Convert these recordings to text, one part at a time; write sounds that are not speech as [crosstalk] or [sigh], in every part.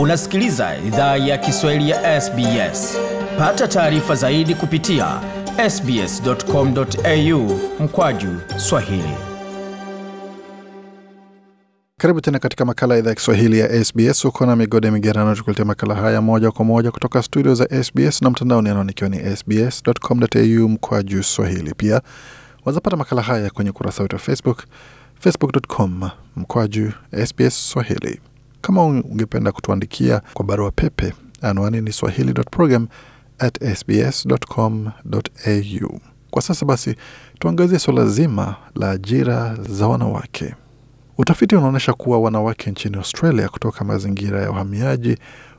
Unasikiliza idhaa ya Kiswahili ya SBS. Pata taarifa zaidi kupitia sbs.com.au mkwaju swahili. Karibu tena katika makala ya idhaa ya Kiswahili ya SBS. huko na Migode Migerano tukuletea makala haya moja kwa moja kutoka studio za SBS na mtandaoni anaonikiwa ni sbs.com.au mkwaju swahili. Pia wazapata makala haya kwenye ukurasa wetu wa Facebook, facebook.com mkwaju SBS swahili. Kama ungependa kutuandikia kwa barua pepe, anwani ni swahili.program Kwa sasa basi, tuangazie suala zima la ajira za wanawake. Utafiti unaonyesha kuwa wanawake nchini Australia kutoka mazingira ya uhamiaji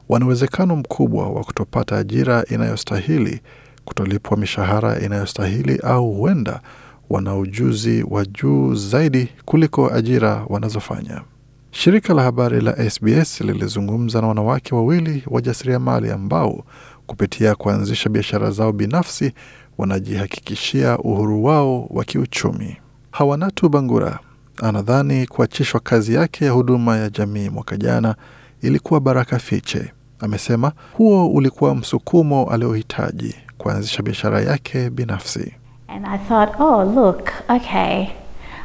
wana uwezekano mkubwa wa kutopata ajira inayostahili, kutolipwa mishahara inayostahili, au huenda wana ujuzi wa juu zaidi kuliko ajira wanazofanya. Shirika la habari la SBS lilizungumza na wanawake wawili wajasiriamali ambao kupitia kuanzisha biashara zao binafsi wanajihakikishia uhuru wao wa kiuchumi. Hawanatu Bangura anadhani kuachishwa kazi yake ya huduma ya jamii mwaka jana ilikuwa baraka fiche. Amesema huo ulikuwa msukumo aliohitaji kuanzisha biashara yake binafsi. And I thought, oh, look, okay.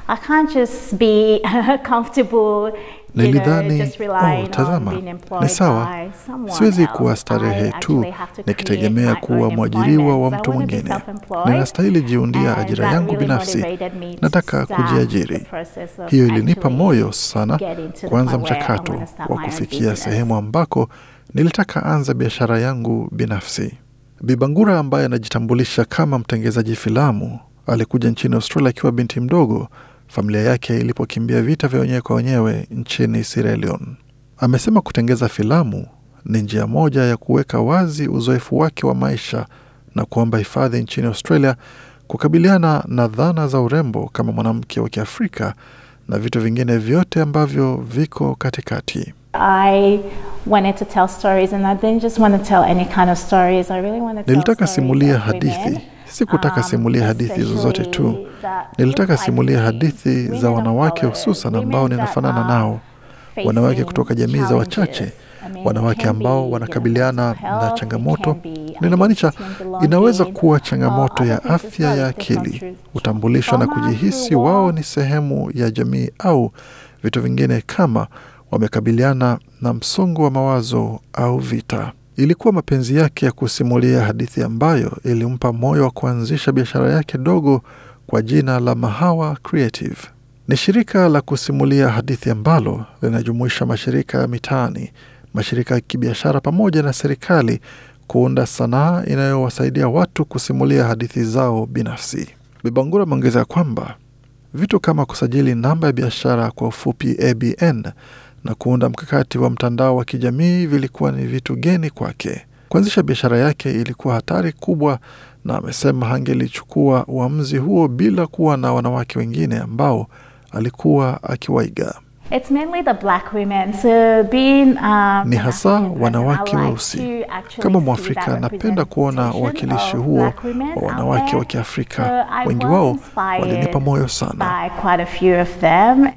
I can't just be [laughs] comfortable Nilidhani oh, tazama, ni sawa, siwezi kuwa starehe tu nikitegemea kuwa mwajiriwa wa mtu mwingine. Ninastahili jiundia ajira yangu binafsi, nataka kujiajiri. Hiyo ilinipa moyo sana kuanza mchakato wa kufikia sehemu ambako nilitaka anza biashara yangu binafsi. Bibangura ambaye anajitambulisha kama mtengezaji filamu alikuja nchini Australia akiwa binti mdogo familia yake ilipokimbia vita vya wenyewe kwa wenyewe nchini Sierra Leone. Amesema kutengeza filamu ni njia moja ya kuweka wazi uzoefu wake wa maisha na kuomba hifadhi nchini Australia, kukabiliana na dhana za urembo kama mwanamke wa Kiafrika na vitu vingine vyote ambavyo viko katikati. Nilitaka simulia hadithi Sikutaka um, simulia hadithi zozote tu, uh, nilitaka simulia hadithi za wanawake, hususan ambao ninafanana nao, wanawake kutoka jamii za wachache, wanawake ambao wanakabiliana na changamoto. Ninamaanisha inaweza kuwa changamoto ya afya ya akili, utambulisho na kujihisi wao ni sehemu ya jamii, au vitu vingine kama wamekabiliana na msongo wa mawazo au vita. Ilikuwa mapenzi yake ya kusimulia hadithi ambayo ilimpa moyo wa kuanzisha biashara yake dogo kwa jina la Mahawa Creative. Ni shirika la kusimulia hadithi ambalo linajumuisha mashirika ya mitaani, mashirika ya kibiashara pamoja na serikali kuunda sanaa inayowasaidia watu kusimulia hadithi zao binafsi. Bibangura ameongeza kwamba vitu kama kusajili namba ya biashara kwa ufupi ABN na kuunda mkakati wa mtandao wa kijamii vilikuwa ni vitu geni kwake. Kuanzisha biashara yake ilikuwa hatari kubwa, na amesema hangelichukua uamuzi huo bila kuwa na wanawake wengine ambao alikuwa akiwaiga. It's mainly the black women. So being, um, ni hasa wanawake weusi. Kama Mwafrika, napenda kuona uwakilishi huo wa wanawake wa Kiafrika. Wengi wao walinipa moyo sana,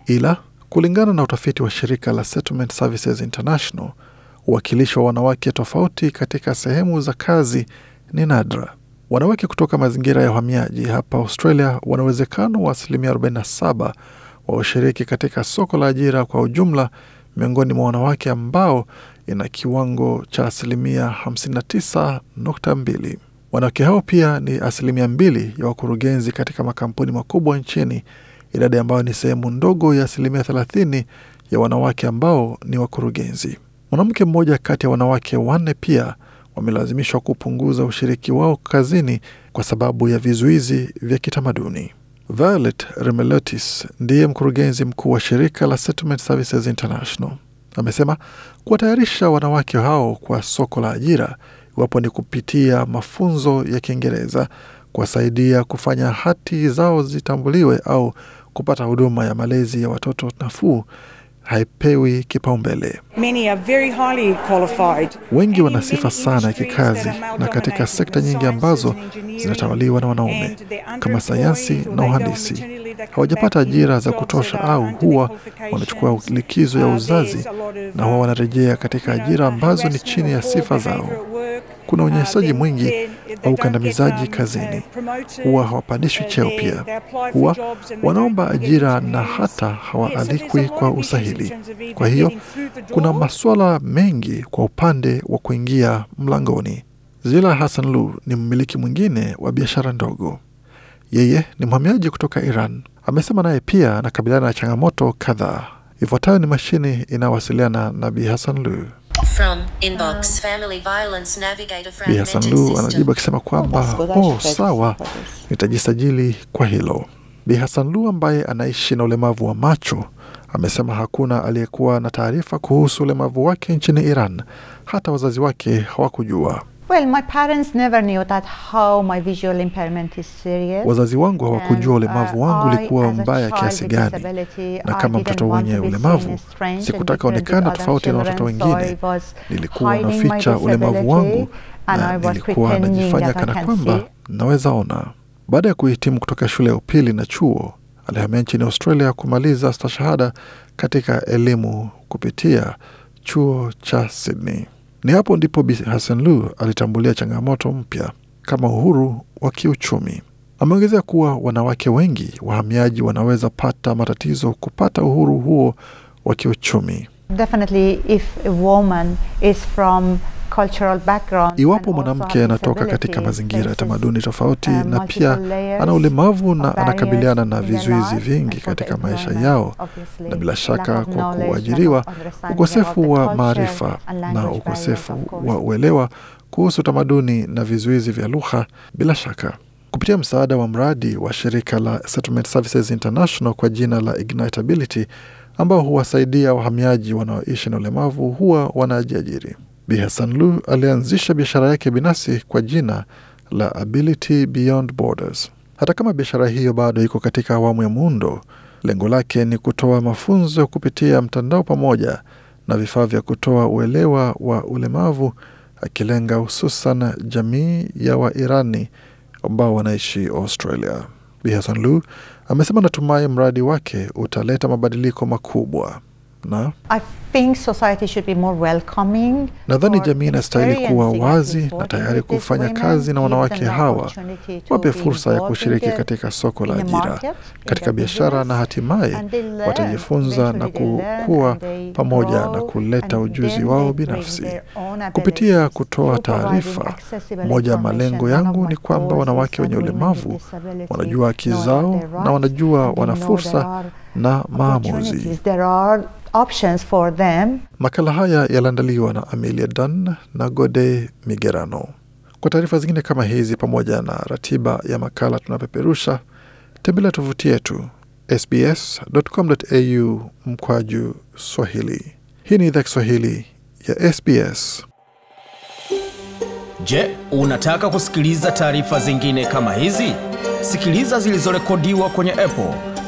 ila Kulingana na utafiti wa shirika la Settlement Services International, uwakilishi wa wanawake tofauti katika sehemu za kazi ni nadra. Wanawake kutoka mazingira ya uhamiaji hapa Australia wana uwezekano wa asilimia 47 wa ushiriki katika soko la ajira kwa ujumla miongoni mwa wanawake ambao ina kiwango cha asilimia 59.2. Wanawake hao pia ni asilimia mbili ya wakurugenzi katika makampuni makubwa nchini idadi ambayo ni sehemu ndogo ya asilimia thelathini ya wanawake ambao ni wakurugenzi. Mwanamke mmoja kati ya wanawake wanne pia wamelazimishwa kupunguza ushiriki wao kazini kwa sababu ya vizuizi vya kitamaduni. Violet Remelotis ndiye mkurugenzi mkuu wa shirika la Settlement Services International. Amesema kuwatayarisha wanawake hao kwa soko la ajira, iwapo ni kupitia mafunzo ya Kiingereza, kuwasaidia kufanya hati zao zitambuliwe au kupata huduma ya malezi ya watoto nafuu haipewi kipaumbele. Wengi wana sifa sana ya kikazi na katika sekta nyingi ambazo zinatawaliwa na wanaume kama sayansi na uhandisi, hawajapata ajira za kutosha au huwa wanachukua likizo ya uzazi na huwa uh, wanarejea katika ajira ambazo ni chini ya sifa zao. Kuna unyanyasaji mwingi wa uh, ukandamizaji um, kazini, uh, huwa hawapandishwi cheo, pia huwa wanaomba ajira na hata hawaalikwi kwa usahili. Kwa hiyo kuna masuala mengi kwa upande wa kuingia mlangoni. Zila Hassan Lu ni mmiliki mwingine wa biashara ndogo. Yeye ni mhamiaji kutoka Iran. Amesema naye pia anakabiliana na changamoto kadhaa. Ifuatayo ni mashine inayowasiliana na Bi Hassan Lu. Ah. Bi anajibu akisema kwamba oh, sawa, nitajisajili kwa hilo. Bi lu ambaye anaishi na ulemavu wa macho amesema hakuna aliyekuwa na taarifa kuhusu ulemavu wake nchini Iran, hata wazazi wake hawakujua. Well, my parents never knew that how my visual impairment is serious. Wazazi wangu hawakujua uh, ulemavu wangu ulikuwa mbaya kiasi gani, na kama mtoto mwenye ulemavu sikutaka onekana tofauti na watoto wengine. Nilikuwa naficha ulemavu wangu na nilikuwa najifanya kana kwamba naweza ona. Baada ya kuhitimu kutoka shule ya upili na chuo, alihamia nchini Australia kumaliza stashahada katika elimu kupitia chuo cha Sydney. Ni hapo ndipo Bi Hassan Lu alitambulia changamoto mpya kama uhuru wa kiuchumi. Ameongezea kuwa wanawake wengi wahamiaji wanaweza pata matatizo kupata uhuru huo wa kiuchumi. Iwapo mwanamke anatoka katika mazingira ya tamaduni tofauti uh, na pia ana ulemavu na anakabiliana na vizuizi vingi katika maisha yao, na bila shaka kwa kuajiriwa, ukosefu wa maarifa na ukosefu wa uelewa kuhusu tamaduni na vizuizi vya lugha, bila shaka kupitia msaada wa mradi wa shirika la Settlement Services International kwa jina la Ignitability ambao huwasaidia wahamiaji wanaoishi na ulemavu huwa wanajiajiri. Bi Hassan Lu alianzisha biashara yake binafsi kwa jina la Ability Beyond Borders. Hata kama biashara hiyo bado iko katika awamu ya muundo, lengo lake ni kutoa mafunzo kupitia mtandao pamoja na vifaa vya kutoa uelewa wa ulemavu, akilenga hususan jamii ya Wairani ambao wanaishi Australia. Bi Hassan Lu amesema natumai mradi wake utaleta mabadiliko makubwa na nadhani jamii inastahili kuwa wazi na tayari kufanya kazi na wanawake hawa, wape fursa ya kushiriki katika soko la ajira, katika biashara, na hatimaye watajifunza na kukua pamoja na kuleta ujuzi wao binafsi kupitia kutoa taarifa. Moja ya malengo yangu ni kwamba wanawake wenye ulemavu wanajua haki zao na wanajua wana fursa na maamuzi. Makala haya yaliandaliwa na Amelia dan na Gode Migerano. Kwa taarifa zingine kama hizi pamoja na ratiba ya makala tunapeperusha, tembelea tovuti yetu sbs.com.au mkwaju Swahili. Hii ni idhaa Kiswahili ya SBS. Je, unataka kusikiliza taarifa zingine kama hizi? Sikiliza zilizorekodiwa kwenye Apple,